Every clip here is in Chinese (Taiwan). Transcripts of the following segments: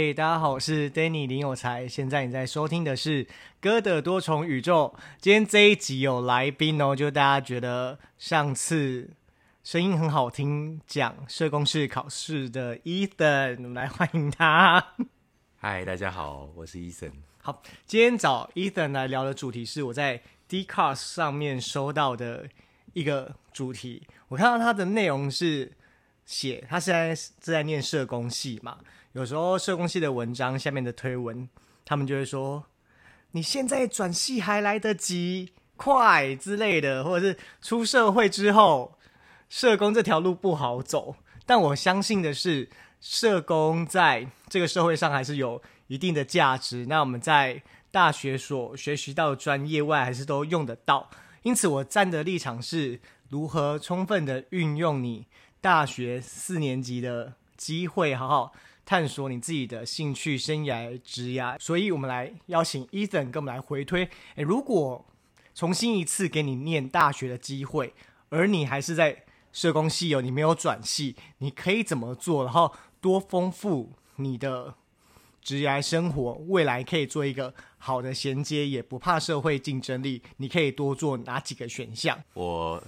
Hey, 大家好，我是 Danny 林有才。現在你在收聽的是《歌的多重宇宙》。今天這一集有來賓哦，就大家覺得上次聲音很好聽、講社工師考試的 Ethan，我們來歡迎他。嗨，大家好，我是 Ethan。好，今天找 Ethan 來聊的主題是我在 Dcard 上面收到的一個主題。我看到他的內容是寫他現在正在念社工系嘛。有時候社工系的文章下面的推文，他們就會說：“你現在轉系還來得及，快之類的，或者是出社會之後，社工這條路不好走。”但我相信的是，社工在這個社會上還是有一定的價值。那我們在大學所學習到的專業外，還是都用得到。因此，我站的立場是，如何充分地運用你大學四年級的機會，好好。探索你自己的興趣、生涯、職涯。所以我們來邀請 Ethan 跟我們來回推，欸，如果重新一次給你念大學的機會，而你還是在社工系，有你沒有轉系，你可以怎麼做？然後多豐富你的職涯生活，未來可以做一個好的銜接，也不怕社會競爭力。你可以多做哪幾個選項？我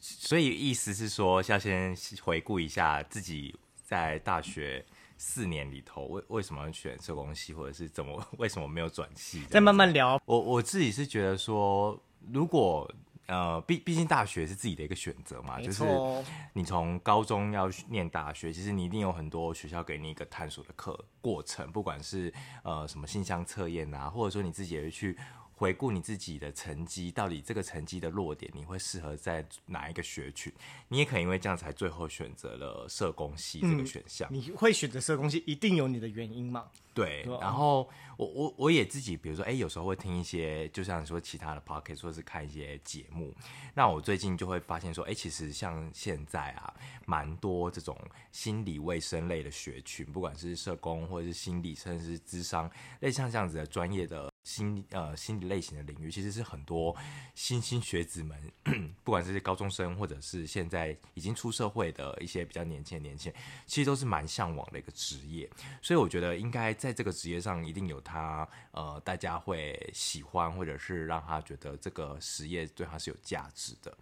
所以意思是說，要先回顧一下自己在大學。四年裡頭，為為什麼要選社工系，或者是怎麼為什麼沒有轉系？再慢慢聊。我我自己是覺得說，如果呃，畢畢竟大學是自己的一個選擇嘛，沒錯。就是你從高中要念大學，其實你一定有很多學校給你一個探索的課過程，不管是呃什麼性向測驗啊，或者說你自己也會去。回顧你自己的成績，到底這個成績的落點，你會適合在哪一個學群？你也可能因為這樣才最後選擇了社工系這個選項。嗯、你會選擇社工系，一定有你的原因嗎？對。對吧然後我我我也自己，比如說，誒，有時候會聽一些，就像說其他的 podcast 或是看一些節目。那我最近就會發現說，誒，其實像現在啊，蠻多這種心理衛生類的學群，不管是社工或者是心理，甚至是諮商，類似像這樣子的專業的。心呃，心理類型的領域，其實是很多新興學子們，不管是高中生，或者是現在已經出社會的一些比較年輕年輕，其實都是蠻向往的一個職業。所以我覺得，應該在這個職業上，一定有他呃，大家會喜歡，或者是讓他覺得這個職業對他是有價值的。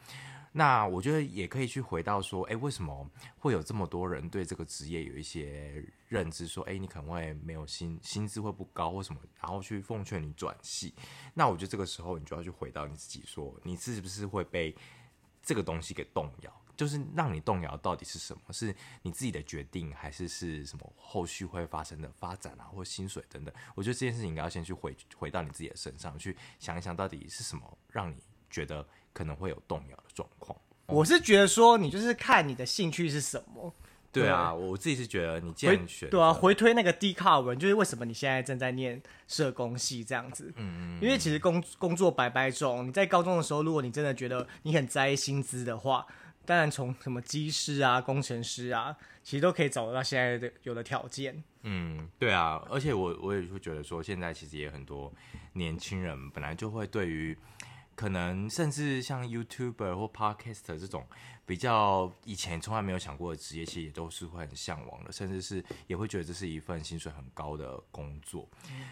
那我覺得也可以去回到說，哎，為什麼會有這麼多人對這個職業有一些認知？說，哎，你可能會沒有薪薪資會不高或什麼，然後去奉勸你轉系。那我覺得這個時候你就要去回到你自己說，說你是不是會被這個東西給動搖？就是讓你動搖到底是什麼？是你自己的決定，還是是什麼後續會發生的發展啊，或薪水等等？我覺得這件事情應該要先去回回到你自己的身上去想一想，到底是什麼讓你覺得。可能會有動搖的狀況。嗯、我是覺得說，你就是看你的興趣是什麼。對啊，對啊，我自己是覺得你建選對啊，回推那個 D 卡文，就是為什麼你現在正在念社工系這樣子。嗯嗯。因為其實工工作百百種，你在高中的時候，如果你真的覺得你很在意薪資的話，當然從什麼機師啊、工程師啊，其實都可以找得到現在的有的條件。嗯，對啊，而且我我也會覺得說，現在其實也很多年輕人本來就會對於。可能甚至像 YouTuber 或 Podcaster 這種比較以前從來沒有想過的職業，其實也都是會很嚮往的，甚至是也會覺得這是一份薪水很高的工作。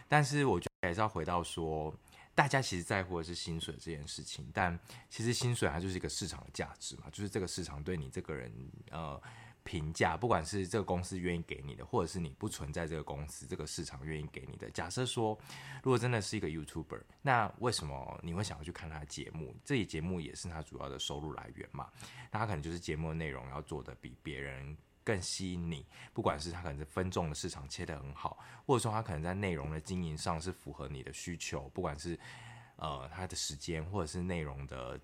但是我覺得還是要回到說，大家其實在乎的是薪水這件事情，但其實薪水它就是一個市場的價值嘛，就是這個市場對你這個人呃，評價，不管是這個公司願意給你的，或者是你不存在這個公司這個市場願意給你的。假設說，如果真的是一個 YouTuber，那為什麼你會想要去看他的節目？這一節目也是他主要的收入來源嘛？那他可能就是節目的內容要做得比別人更吸引你，不管是他可能是分眾的市場切得很好，或者說他可能在內容的經營上是符合你的需求，不管是呃他的時間，或者是內容的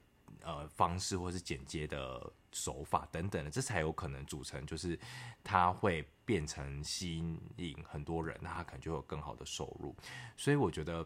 呃方式，或是剪接的。手法等等的，這才有可能組成，就是它會變成吸引很多人，那它可能就有更好的收入。所以我覺得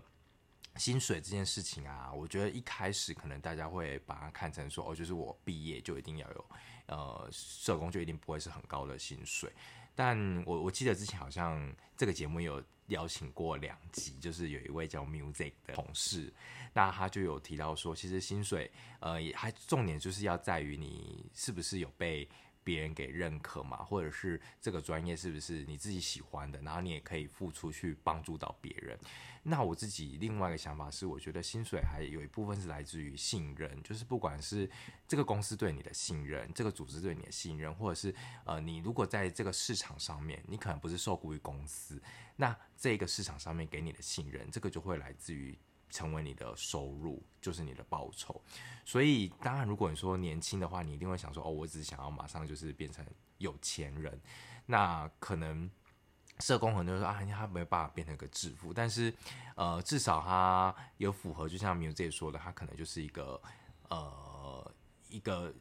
薪水這件事情啊，我覺得一開始可能大家會把它看成說，哦，就是我畢業就一定要有，呃，社工就一定不會是很高的薪水。但我我記得之前好像這個節目有邀請過兩集，就是有一位叫 Music 的同事，那他就有提到說，其實薪水，呃，也還重點就是要在於你是不是有被。別人給認可嘛，或者是這個專業是不是你自己喜歡的，然後你也可以付出去幫助到別人。那我自己另外一個想法是，我覺得薪水還有一部分是來自於信任，就是不管是這個公司對你的信任，這個組織對你的信任，或者是呃，你如果在這個市場上面，你可能不是受雇於公司，那這個市場上面給你的信任，這個就會來自於。成為你的收入，就是你的報酬，所以當然，如果你說年輕的話，你一定會想說哦，我只想要馬上就是變成有錢人。那可能社工很多人說啊，他沒辦法變成一個致富，但是呃，至少他有符合，就像苗姐說的，他可能就是一個呃一個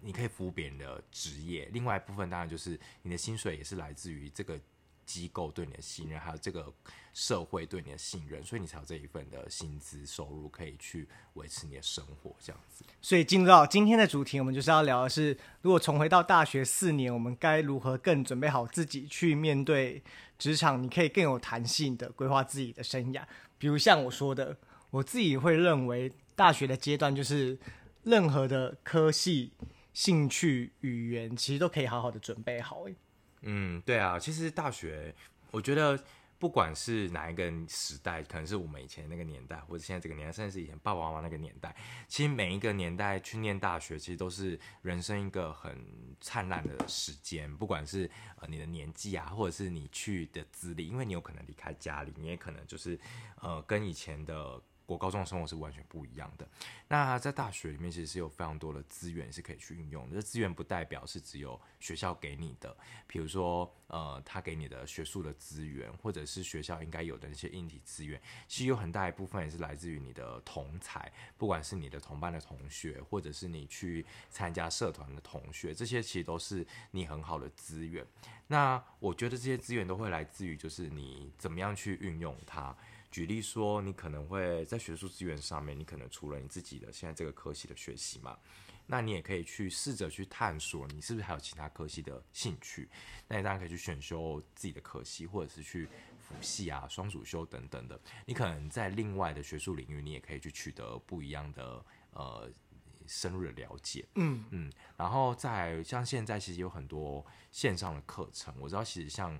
你可以服務別人的職業。另外一部分當然就是你的薪水也是來自於這個。機構對你的信任，還有這個社會對你的信任，所以你才有這一份的薪資收入可以去維持你的生活，這樣子。所以進入到今天的主題，我們就是要聊的是，如果重回到大學四年，我們該如何更準備好自己去面對職場，你可以更有彈性的規劃自己的生涯。比如像我說的，我自己會認為，大學的階段就是任何的科系、興趣、語言，其實都可以好好的準備好。嗯，對啊，其實大學，我覺得不管是哪一個時代，可能是我們以前那個年代，或者現在這個年代，甚至是以前爸爸媽媽那個年代，其實每一個年代去念大學，其實都是人生一個很燦爛的時間，不管是呃你的年紀啊，或者是你去的資歷，因為你有可能離開家裡，你也可能就是呃跟以前的。國高中生活是完全不一樣的。那在大學裡面，其實是有非常多的資源是可以去運用的。這資源不代表是只有學校給你的，比如說，呃，他給你的學術的資源，或者是學校應該有的那些硬體資源，其實有很大一部分也是來自於你的同儕，不管是你的同班的同學，或者是你去參加社團的同學，這些其實都是你很好的資源。那我覺得這些資源都會來自於，就是你怎麼樣去運用它。舉例說，你可能會在學術資源上面，你可能除了你自己的現在這個科系的學習嘛，那你也可以去試着去探索，你是不是還有其他科系的興趣？那你當然可以去選修自己的科系，或者是去輔系啊、雙主修等等的。你可能在另外的學術領域，你也可以去取得不一樣的呃深入的了解。嗯嗯，然後在像現在其實有很多線上的課程，我知道其實像。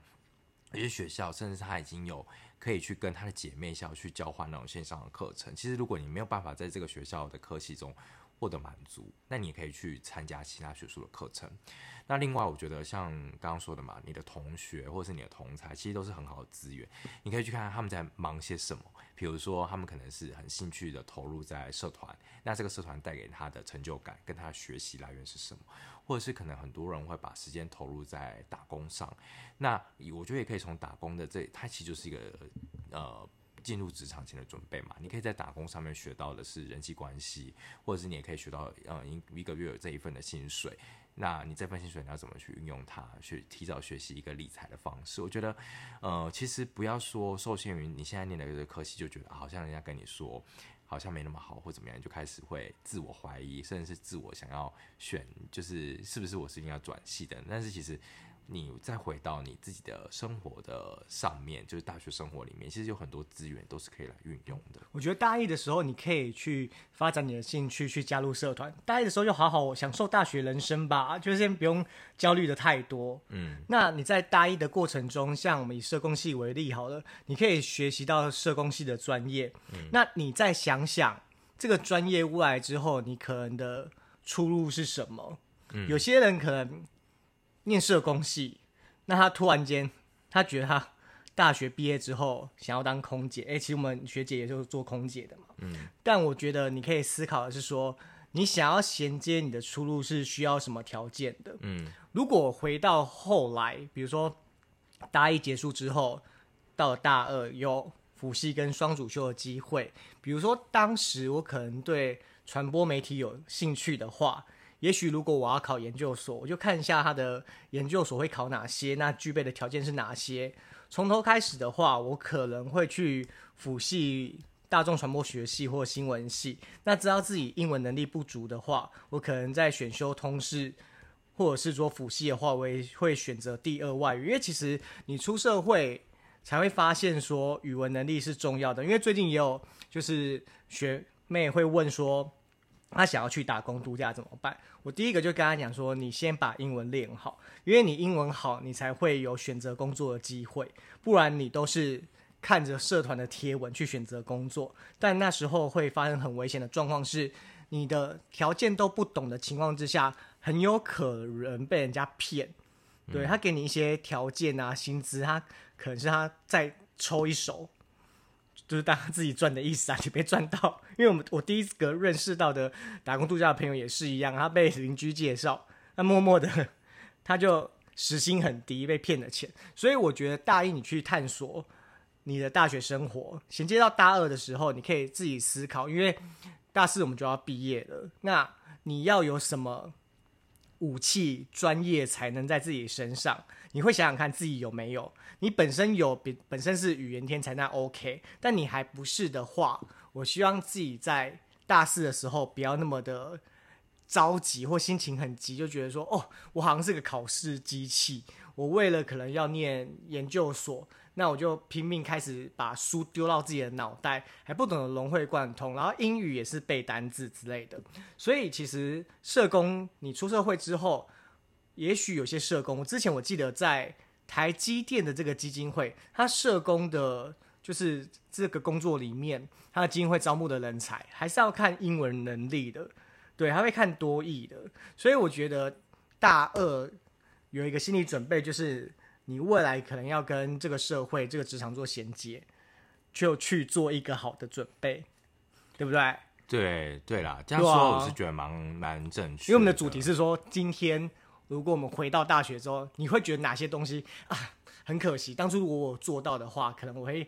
有些學校，甚至他已經有可以去跟他的姐妹校去交換那種線上的課程。其實，如果你沒有辦法在這個學校的科系中，獲得滿足，那你也可以去參加其他學術的課程。那另外，我覺得像剛剛說的嘛，你的同學或是你的同儕，其實都是很好的資源。你可以去看看他們在忙些什麼，比如說他們可能是很興趣的投入在社團，那這個社團帶給他的成就感跟他的學習來源是什麼，或者是可能很多人會把時間投入在打工上，那我覺得也可以從打工的這，它其實就是一個呃。進入職場前的準備嘛，你可以在打工上面學到的是人際關係，或者是你也可以學到，嗯，一個月有這一份的薪水，那你這份薪水你要怎麼去運用它？去提早學習一個理財的方式。我覺得，呃，其實不要說受限於你現在念的這個科系，就覺得好像人家跟你說，好像沒那麼好或怎麼樣，就開始會自我懷疑，甚至是自我想要選，就是是不是我是一定要轉系的？但是其實，你再回到你自己的生活的上面，就是大學生活裡面，其實有很多資源都是可以來運用的。我覺得大一的時候，你可以去發展你的興趣，去加入社團。大一的時候，就好好享受大學人生吧，就是先不用焦慮的太多。嗯，那你在大一的過程中，像我們以社工系為例好了，你可以學習到社工系的專業。嗯，那你再想想這個專業未來之後，你可能的出路是什麼？嗯，有些人可能。念社工系，那他突然間，他覺得他大學畢業之後想要當空姐。哎、欸，其實我們學姐也就是做空姐的嘛。嗯。但我覺得你可以思考的是說，你想要銜接你的出路是需要什麼條件的。嗯。如果回到後來，比如說大一結束之後，到大二有輔系跟雙主修的機會，比如說當時我可能對傳播媒體有興趣的話。也許如果我要考研究所，我就看一下他的研究所會考哪些，那具備的條件是哪些。從頭開始的話，我可能會去輔系大眾傳播學系或新聞系。那知道自己英文能力不足的話，我可能在選修通識，或者是說輔系的話，我也會選擇第二外語。因為其實你出社會才會發現說語文能力是重要的。因為最近也有就是學妹會問說。他想要去打工度假怎麼辦？我第一個就跟他講說，你先把英文練好，因為你英文好，你才會有選擇工作的機會。不然你都是看着社團的貼文去選擇工作，但那時候會發生很危險的狀況是，你的條件都不懂的情況之下，很有可能被人家騙。對，他給你一些條件啊，薪資，他可能是他再抽一手。就是大家自己賺的意思啊，你沒賺到，因為我們我第一個認識到的打工度假的朋友也是一樣，他被鄰居介紹，那默默的他就時薪很低，被騙了錢。所以我覺得大一你去探索你的大學生活，銜接到大二的時候，你可以自己思考，因為大四我們就要畢業了，那你要有什麼？武器專業才能在自己身上，你會想想看自己有沒有？你本身有，本本身是語言天才，那 OK。但你還不是的話，我希望自己在大四的時候不要那麼的着急或心情很急，就覺得說哦，我好像是個考試機器。我為了可能要念研究所。那我就拼命開始把書丟到自己的腦袋，還不懂得融會貫通，然後英語也是背單字之類的。所以其實社工你出社會之後，也許有些社工，之前我記得在台積電的這個基金會，他社工的就是這個工作裡面，他的基金會招募的人才還是要看英文能力的，對，他會看多益的。所以我覺得大二有一個心理準備就是。你未來可能要跟這個社會、這個職場做銜接，就去做一個好的準備，對不對？對對啦，這樣說我是覺得蠻如果蠻正確。因為我們的主題是說，今天如果我們回到大學之後，你會覺得哪些東西啊很可惜？當初如果我有做到的話，可能我會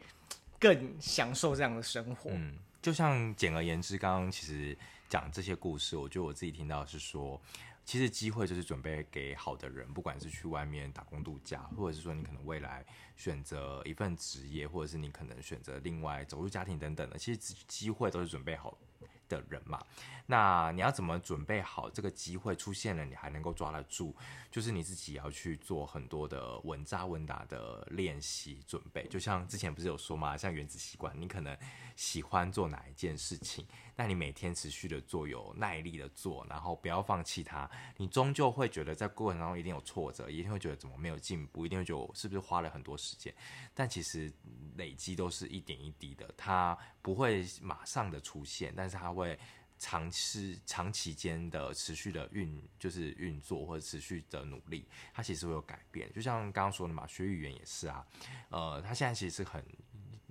更享受這樣的生活。嗯，就像簡而言之，剛剛其實講這些故事，我覺得我自己聽到是說。其實機會就是準備給好的人，不管是去外面打工度假，或者是說你可能未來選擇一份職業，或者是你可能選擇另外走入家庭等等的，其實機會都是準備好的的人嘛，那你要怎麼準備好這個機會出現了，你還能夠抓得住？就是你自己要去做很多的穩紮穩打的練習準備。就像之前不是有說嗎？像原子習慣，你可能喜歡做哪一件事情，那你每天持續的做，有耐力的做，然後不要放棄它。你終究會覺得在過程當中一定有挫折，一定會覺得怎麼沒有進步，一定會覺得我是不是花了很多時間？但其實。累積都是一點一滴的，它不會馬上的出現，但是它會長期，長期間的持續的運，就是運作或者持續的努力，它其實會有改變。就像剛剛說的嘛，學語言也是啊，呃，它現在其實是很，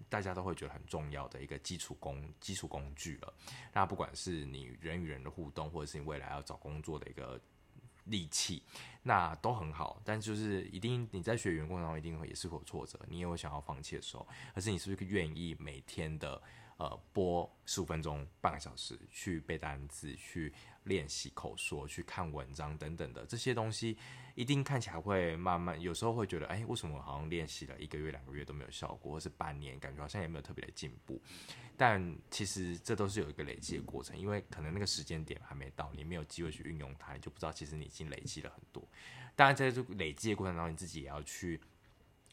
大家都會覺得很重要的一個基礎工基礎工具了。那不管是你人與人的互動，或者是你未來要找工作的一個。力氣，那都很好，但是就是一定你在學語言過程當中，一定會也是會有挫折，你也會想要放棄的時候，而是你是不是願意每天的呃播十五分鐘、半個小時去背單詞去？練習口說，去看文章等等的這些東西，一定看起來會慢慢，有時候會覺得，哎，為什麼我好像練習了一個月、兩個月都沒有效果，或是半年感覺好像也沒有特別的進步？但其實這都是有一個累積的過程，因為可能那個時間點還沒到，你沒有機會去運用它，你就不知道其實你已經累積了很多。當然，在這累積的過程當中，你自己也要去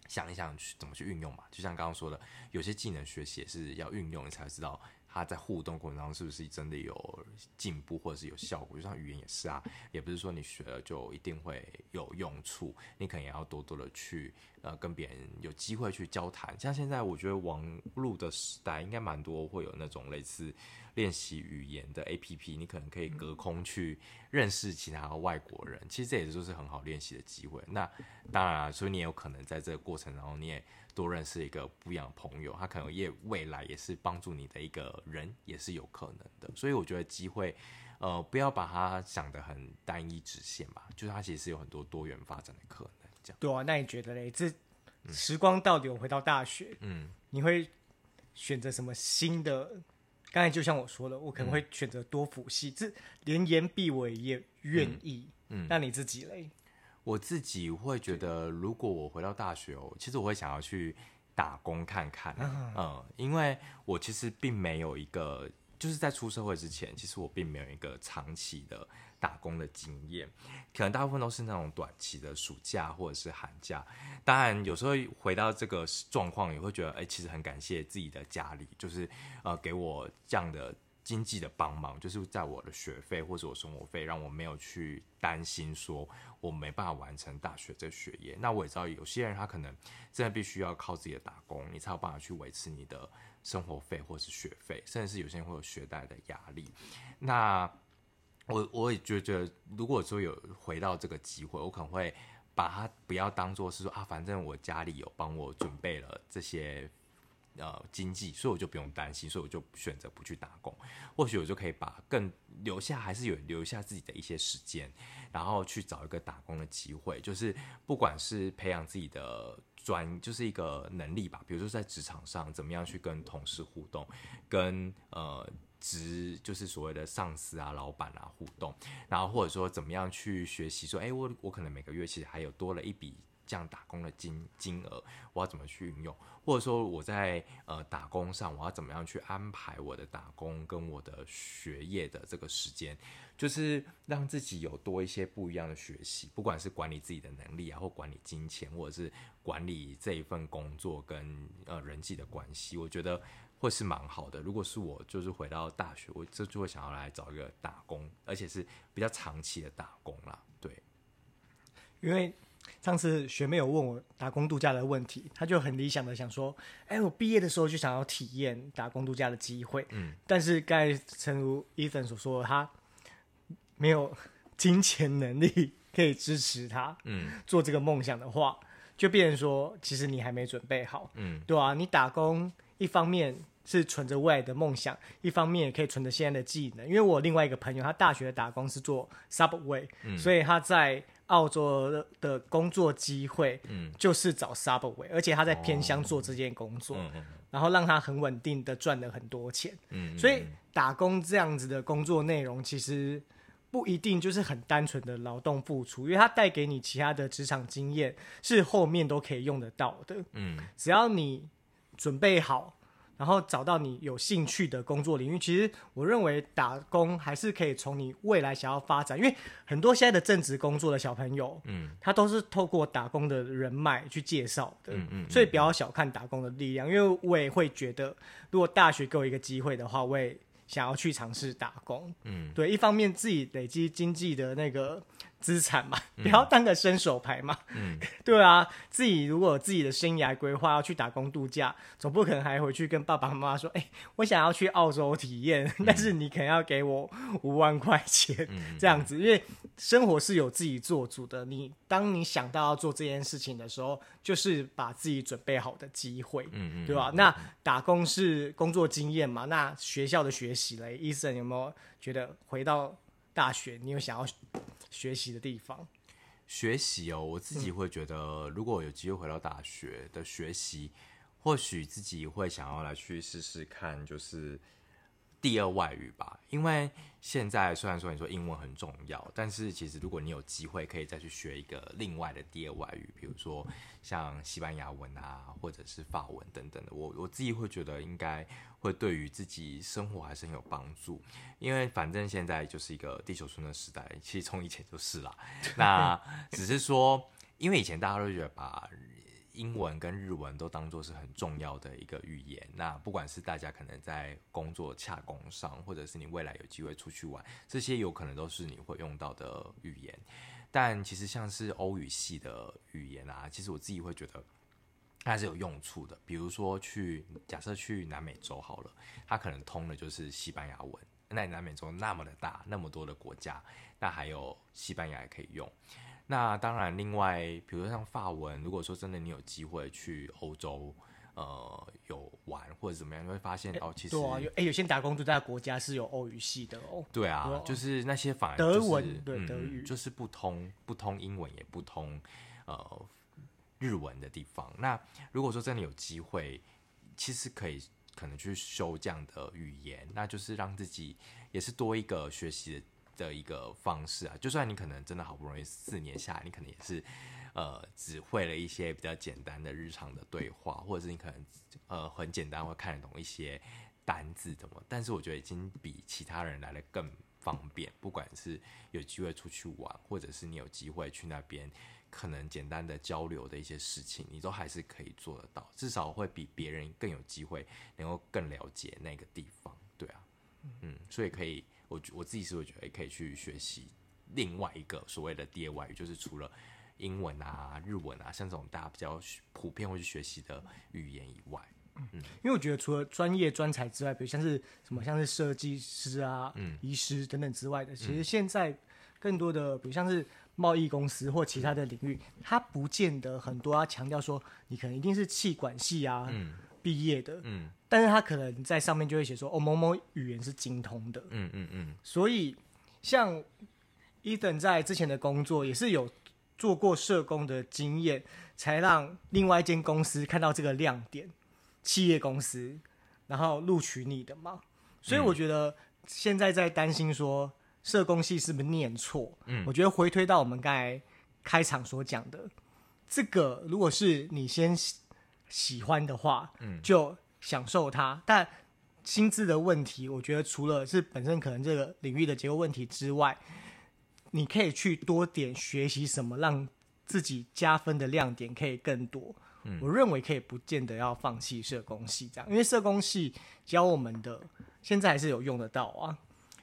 想一想去，去怎麼去運用嘛。就像剛剛說的，有些技能學習也是要運用，你才知道。他在互動過程當中，是不是真的有進步或者是有效果？就像語言也是啊，也不是說你學了就一定會有用處，你可能也要多多的去呃跟別人有機會去交談。像現在我覺得網絡的時代，應該蠻多會有那種類似。練習語言的 APP，你可能可以隔空去認識其他的外國人。嗯、其實這也就是很好練習的機會。那當然、啊，所以你也有可能在這個過程，當中，你也多認識一個不一樣的朋友，他可能也未來也是幫助你的一個人，也是有可能的。所以我覺得機會，呃，不要把它想得很單一直線吧，就是它其實是有很多多元發展的可能。這樣對啊，那你覺得嘞？這時光倒流回到大學，嗯，你會選擇什麼新的？剛才就像我說的，我可能會選擇多輔系，嗯、這連延畢我也願意嗯。嗯，那你自己嘞？我自己會覺得，如果我回到大學哦，對其實我會想要去打工看看、啊。啊、嗯，因為我其實並沒有一個，就是在出社會之前，其實我並沒有一個長期的。打工的經驗，可能大部分都是那種短期的暑假或者是寒假。當然，有時候回到這個狀況，也會覺得，誒、欸，其實很感謝自己的家裡，就是呃，給我這樣的經濟的幫忙，就是在我的學費或者我生活費，讓我沒有去擔心說我沒辦法完成大學這學業。那我也知道，有些人他可能真的必須要靠自己的打工，你才有辦法去維持你的生活費或是學費，甚至是有些人會有學貸的壓力。那。我我也覺得，如果說有回到這個機會，我可能會把它不要當作是說啊，反正我家裡有幫我準備了這些呃經濟，所以我就不用擔心，所以我就選擇不去打工。或許我就可以把更留下，還是有留下自己的一些時間，然後去找一個打工的機會，就是不管是培養自己的專，就是一個能力吧。比如說在職場上，怎麼樣去跟同事互動，跟呃。職就是所謂的上司啊、老闆啊互動，然後或者說怎麼樣去學習？說，哎、欸，我我可能每個月其實還有多了一筆這樣打工的金金額，我要怎麼去運用？或者說我在呃打工上，我要怎麼樣去安排我的打工跟我的學業的這個時間？就是讓自己有多一些不一樣的學習，不管是管理自己的能力啊，或管理金錢，或者是管理這一份工作跟呃人際的關係，我覺得。會是蠻好的。如果是我，就是回到大學，我這就會想要來找一個打工，而且是比較長期的打工啦。對，因為上次學妹有問我打工度假的問題，她就很理想的想說：“哎、欸，我畢業的時候就想要體驗打工度假的機會。”嗯，但是該誠如 Ethan 所說的，他沒有金錢能力可以支持他嗯做這個夢想的話，就變成說，其實你還沒準備好。嗯，對啊，你打工一方面。是存着未來的夢想，一方面也可以存着現在的技能。因為我另外一個朋友，他大學的打工是做 Subway、嗯、所以他在澳洲的工作機會就是找 Subway、嗯、而且他在偏鄉做這件工作，哦、然後讓他很穩定的賺了很多錢。嗯、所以打工這樣子的工作內容，其實不一定就是很單純的勞動付出，因為他帶給你其他的職場經驗，是後面都可以用得到的。嗯，只要你準備好。然後找到你有興趣的工作領域，其實我認為打工還是可以從你未來想要發展，因為很多現在的正職工作的小朋友，嗯，他都是透過打工的人脈去介紹的，嗯嗯，嗯，嗯嗯，所以不要小看打工的力量，因為我也會覺得，如果大學給我一個機會的話，我也想要去嘗試打工，嗯，對，一方面自己累積經濟的那個。資產嘛，不要當個伸手牌嘛。嗯，嗯 對啊，自己如果有自己的生涯規劃要去打工度假，總不可能還回去跟爸爸媽媽說：“哎、欸，我想要去澳洲體驗。嗯”但是你可能要給我五萬塊錢、嗯嗯、這樣子，因為生活是有自己做主的。你當你想到要做這件事情的時候，就是把自己準備好的機會，嗯嗯，嗯對吧、啊？嗯、那打工是工作經驗嘛？那學校的學習嘞，Ethan、嗯 e、有沒有覺得回到大學，你有想要？學習的地方，學習哦，我自己會覺得，如果有機會回到大學的學習，或許自己會想要來去試試看，就是，第二外語吧，因為現在雖然說你說英文很重要，但是其實如果你有機會可以再去學一個另外的第二外語，比如說像西班牙文啊，或者是法文等等的，我我自己會覺得應該會對於自己生活還是很有幫助，因為反正現在就是一個地球村的時代，其實從以前就是了。那只是說，因為以前大家都覺得吧。英文跟日文都當做是很重要的一個語言。那不管是大家可能在工作、洽公上，或者是你未來有機會出去玩，這些有可能都是你會用到的語言。但其實像是歐語系的語言啊，其實我自己會覺得它是有用處的。比如說去假設去南美洲好了，它可能通的就是西班牙文。那南美洲那麼的大，那麼多的國家，那還有西班牙也可以用。那當然，另外，比如說像法文，如果說真的你有機會去歐洲，呃，有玩或者怎麼樣，你會發現哦，其實、欸、對啊，有，欸、有些打工度假的國家是有歐語系的哦。對啊，對啊，就是那些反而就是德文，對，德語、嗯、就是不通，不通英文也不通呃日文的地方。那如果說真的有機會，其實可以可能去修這樣的語言，那就是讓自己也是多一個學習的的一個方式啊，就算你可能真的好不容易四年下來，你可能也是，呃，只會了一些比較簡單的日常的對話，或者是你可能呃很簡單會看得懂一些單字什麼，但是我覺得已經比其他人來的更方便。不管是有機會出去玩，或者是你有機會去那邊，可能簡單的交流的一些事情，你都還是可以做得到，至少會比別人更有機會能夠更了解那個地方，對啊，嗯，所以可以。我我自己是會覺得可以去學習另外一個所謂的第二外語就是除了英文啊、日文啊，像這種大家比較普遍會去學習的語言以外，嗯，因為我覺得除了專業專才之外，比如像是什麼，像是設計師啊、醫、嗯、師等等之外的，其實現在更多的，比如像是貿易公司或其他的領域，它不見得很多、啊，它強調說你可能一定是企管系啊，嗯。畢業的，嗯，但是他可能在上面就會寫說，哦，某某語言是精通的，嗯嗯嗯，嗯嗯，所以像 Ethan 在之前的工作也是有做過社工的經驗，才讓另外一間公司看到這個亮點，企業公司，然後錄取你的嘛。所以我覺得現在在擔心說社工系是不是念錯，嗯，我覺得回推到我們剛才開場所講的，這個如果是你先。喜歡的話，嗯，就享受它。嗯，但薪資的問題，我覺得除了是本身可能這個領域的結構問題之外，你可以去多點學習什麼，讓自己加分的亮點可以更多。嗯，我認為可以不見得要放棄社工系這樣，因為社工系教我們的現在還是有用得到啊，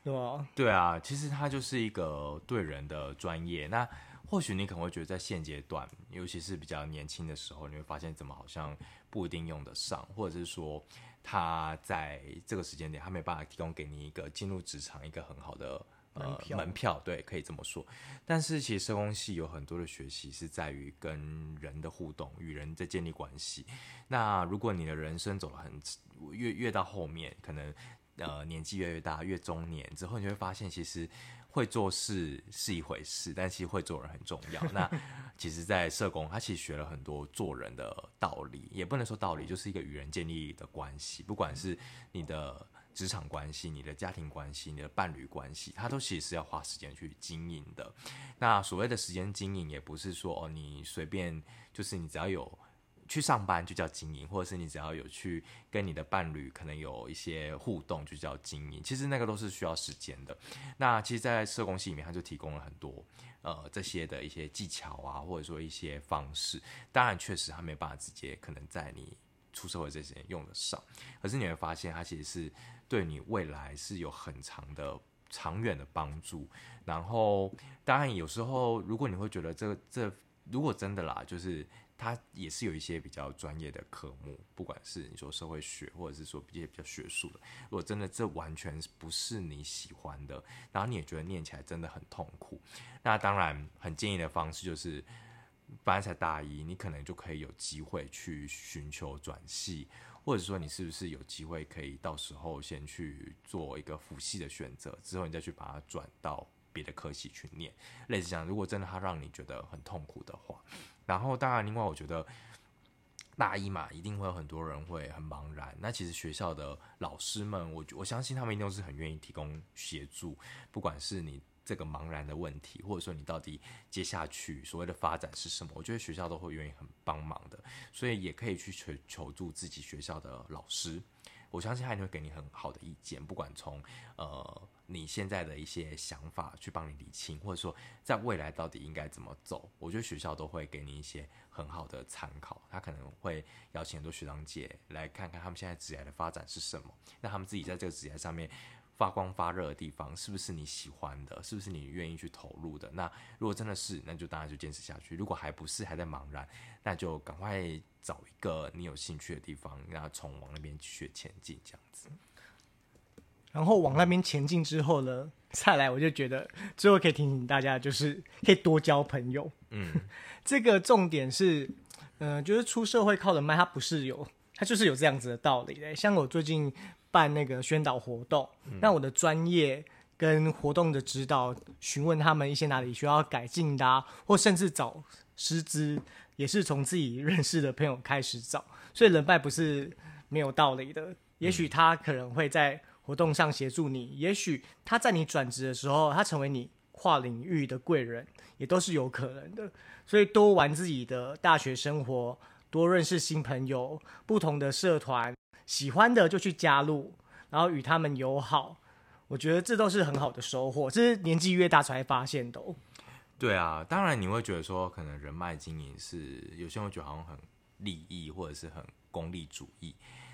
對嗎？對啊，其實它就是一個對人的專業。那或許你可能會覺得，在現階段，尤其是比較年輕的時候，你會發現怎麼好像不一定用得上，或者是說，他在這個時間點，他沒辦法提供給你一個進入職場一個很好的呃門票、門票，對，可以這麼說。但是其實社工系有很多的學習是在於跟人的互動，與人在建立關係。那如果你的人生走了很越越到後面，可能呃年紀越來越大，越中年之後，你會發現其實。會做事是一回事，但是會做人很重要。那其實，在社工，他其實學了很多做人的道理，也不能說道理，就是一個與人建立的關係，不管是你的職場關係、你的家庭關係、你的伴侶關係，他都其實是要花時間去經營的。那所謂的時間經營，也不是說哦，你隨便，就是你只要有。去上班就叫經營，或者是你只要有去跟你的伴侶可能有一些互動，就叫經營。其實那個都是需要時間的。那其實，在社工系裡面，他就提供了很多呃這些的一些技巧啊，或者說一些方式。當然，確實他沒辦法直接可能在你出社會這些時間用得上，可是你會發現，他其實是對你未來是有很長的長遠的幫助。然後，當然有時候如果你會覺得這這如果真的啦，就是。他也是有一些比較專業的科目，不管是你說社會學，或者是說一些比較學術的。如果真的這完全不是你喜歡的，然後你也覺得唸起來真的很痛苦，那當然很建議的方式就是，本來才大一，你可能就可以有機會去尋求轉系，或者說你是不是有機會可以到時候先去做一個輔系的選擇，之後你再去把它轉到別的科系去唸。類似這樣，如果真的它讓你覺得很痛苦的話。然後，當然，另外，我覺得大一嘛，一定會有很多人會很茫然。那其實學校的老師們，我我相信他們一定都是很願意提供協助，不管是你這個茫然的問題，或者說你到底接下去所謂的發展是什麼，我覺得學校都會願意很幫忙的。所以也可以去求求助自己學校的老師。我相信他也會給你很好的意見，不管從呃你現在的一些想法去幫你理清，或者說在未來到底應該怎麼走，我覺得學校都會給你一些很好的參考。他可能會邀請很多學長姐來看看他們現在職涯的發展是什麼，那他們自己在這個職涯上面。發光發熱的地方是不是你喜歡的？是不是你願意去投入的？那如果真的是，那就當然就堅持下去。如果還不是，還在茫然，那就趕快找一個你有興趣的地方，然後從往那邊去前進，這樣子。然後往那邊前進之後呢，嗯、再來我就覺得，最後可以提醒大家，就是可以多交朋友。嗯， 這個重點是，嗯、呃，就是出社會靠人脈，它不是有，它就是有這樣子的道理的、欸。像我最近。辦那個宣導活動，那我的專業跟活動的指導，詢問他們一些哪裡需要改進的啊，或甚至找師資，也是從自己認識的朋友開始找。所以人脈不是沒有道理的，也許他可能會在活動上協助你，也許他在你轉職的時候，他成為你跨領域的貴人，也都是有可能的。所以多玩自己的大學生活，多認識新朋友，不同的社團。喜歡的就去加入，然後與他們友好，我覺得這都是很好的收穫。這、嗯、是年紀越大才發現的、哦。對啊，當然你會覺得說，可能人脈經營是有些人會覺得好像很利益或者是很功利主義，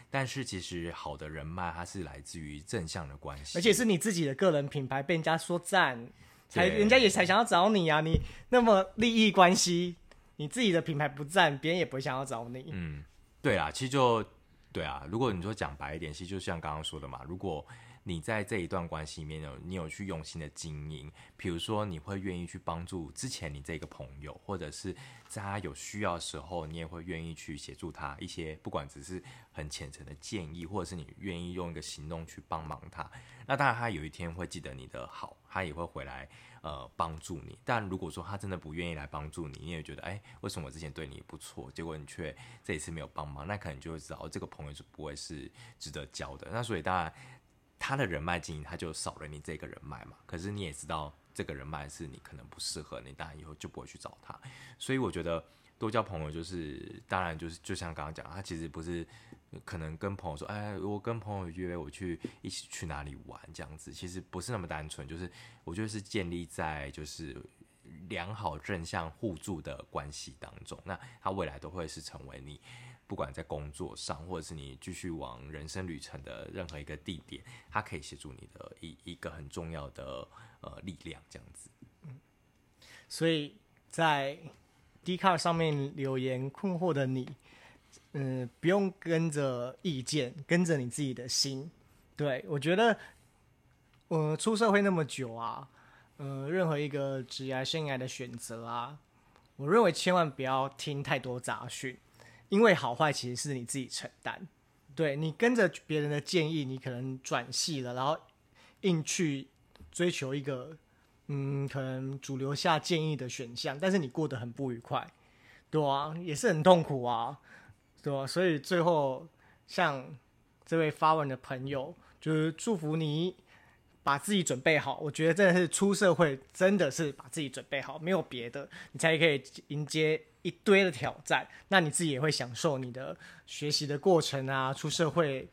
但是其實好的人脈它是來自於正向的關係，而且是你自己的個人品牌被人家說讚，才對人家也才想要找你啊。你那麼利益關係，你自己的品牌不讚，別人也不會想要找你。嗯，對啊，其實就。對啊，如果你說講白一點，其實就像剛剛說的嘛，如果你在這一段關係裡面，你有你有去用心的經營，比如說你會願意去幫助之前你這個朋友，或者是在他有需要的時候，你也會願意去協助他一些，不管只是很虔誠的建議，或者是你願意用一個行動去幫忙他，那當然他有一天會記得你的好，他也會回來。呃，幫助你，但如果說他真的不願意來幫助你，你也覺得，哎，為什麼我之前對你不錯，結果你卻這一次沒有幫忙，那可能就會知道這個朋友是不會是值得交的。那所以當然，他的人脈經營，他就少了你這個人脈嘛。可是你也知道，這個人脈是你可能不適合你，當然以後就不會去找他。所以我覺得，多交朋友就是，當然就是，就像剛剛講，他其實不是。可能跟朋友說，哎，我跟朋友約，我去一起去哪裡玩，這樣子其實不是那麼單純，就是我覺得是建立在就是良好正向互助的關係當中。那他未來都會是成為你不管在工作上，或者是你繼續往人生旅程的任何一個地點，他可以協助你的一一,一個很重要的呃力量，這樣子。嗯，所以在 Dcard 上面留言困惑的你。嗯，不用跟着意見，跟着你自己的心。對，我覺得，我、呃、出社會那麼久啊，嗯、呃，任何一個職業生涯的選擇啊，我認為千萬不要聽太多雜訊，因為好壞其實是你自己承擔。對，你跟着別人的建議，你可能轉系了，然後硬去追求一個，嗯，可能主流下建議的選項，但是你過得很不愉快，對啊，也是很痛苦啊。.對，所以最後，像這位發文的朋友，就是祝福你把自己準備好。我覺得真的是出社會，真的是把自己準備好，沒有別的，你才可以迎接一堆的挑戰。那你自己也會享受你的學習的過程啊，出社會。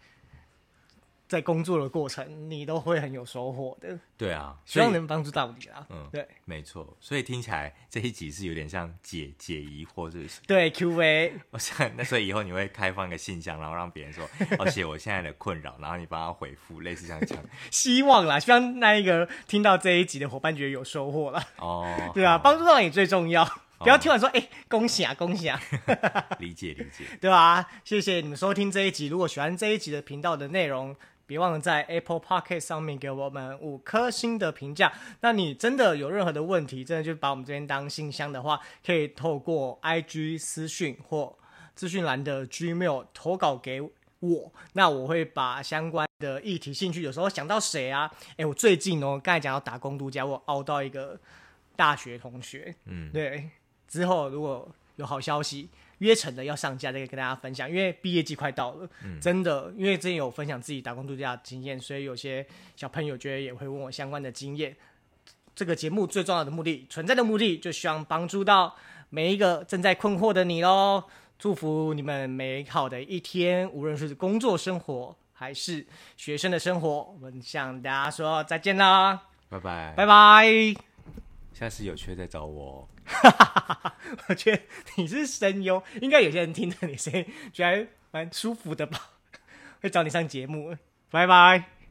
在工作的過程，你都會很有收穫的。對啊，希望能幫助到你啊。嗯，對，沒錯。所以聽起來這一集是有點像解解疑或，或者是對 Q&A。我想，那所以以後你會開放一個信箱，然後讓別人說，而且、 哦、我現在的困擾，然後你幫他回復，類似像這樣 希望啦，希望那一個聽到這一集的夥伴覺得有收穫啦。哦，對啊，幫、哦、助到你最重要。哦、不要聽完說，哎、欸，恭喜啊，恭喜啊。理解理解。對啊，謝謝你們收聽這一集。如果喜歡這一集的頻道的內容，別忘了在 Apple Podcast 上面給我們五顆星的評價。那你真的有任何的問題，真的就把我們這邊當信箱的話，可以透過 I G 私訊或資訊欄的 Gmail 投稿給我。那我會把相關的議題、興趣，有時候想到誰啊？誒，我最近哦，剛才講到打工度假，我熬到一個大學同學，嗯，對。之後如果有好消息。約成的要上架，這個跟大家分享。因為畢業季快到了，嗯、真的，因為之前有分享自己打工度假經驗，所以有些小朋友覺得也會問我相關的經驗。這個節目最重要的目的、存在的目的，就是希望幫助到每一個正在困惑的你哦。祝福你們美好的一天，無論是工作生活還是學生的生活，我們向大家說再見啦，拜拜，拜拜。下次有缺再找我、哦。 我覺得你是聲優，應該有些人聽到你聲音，覺得蠻舒服的吧？會找你上節目。拜拜。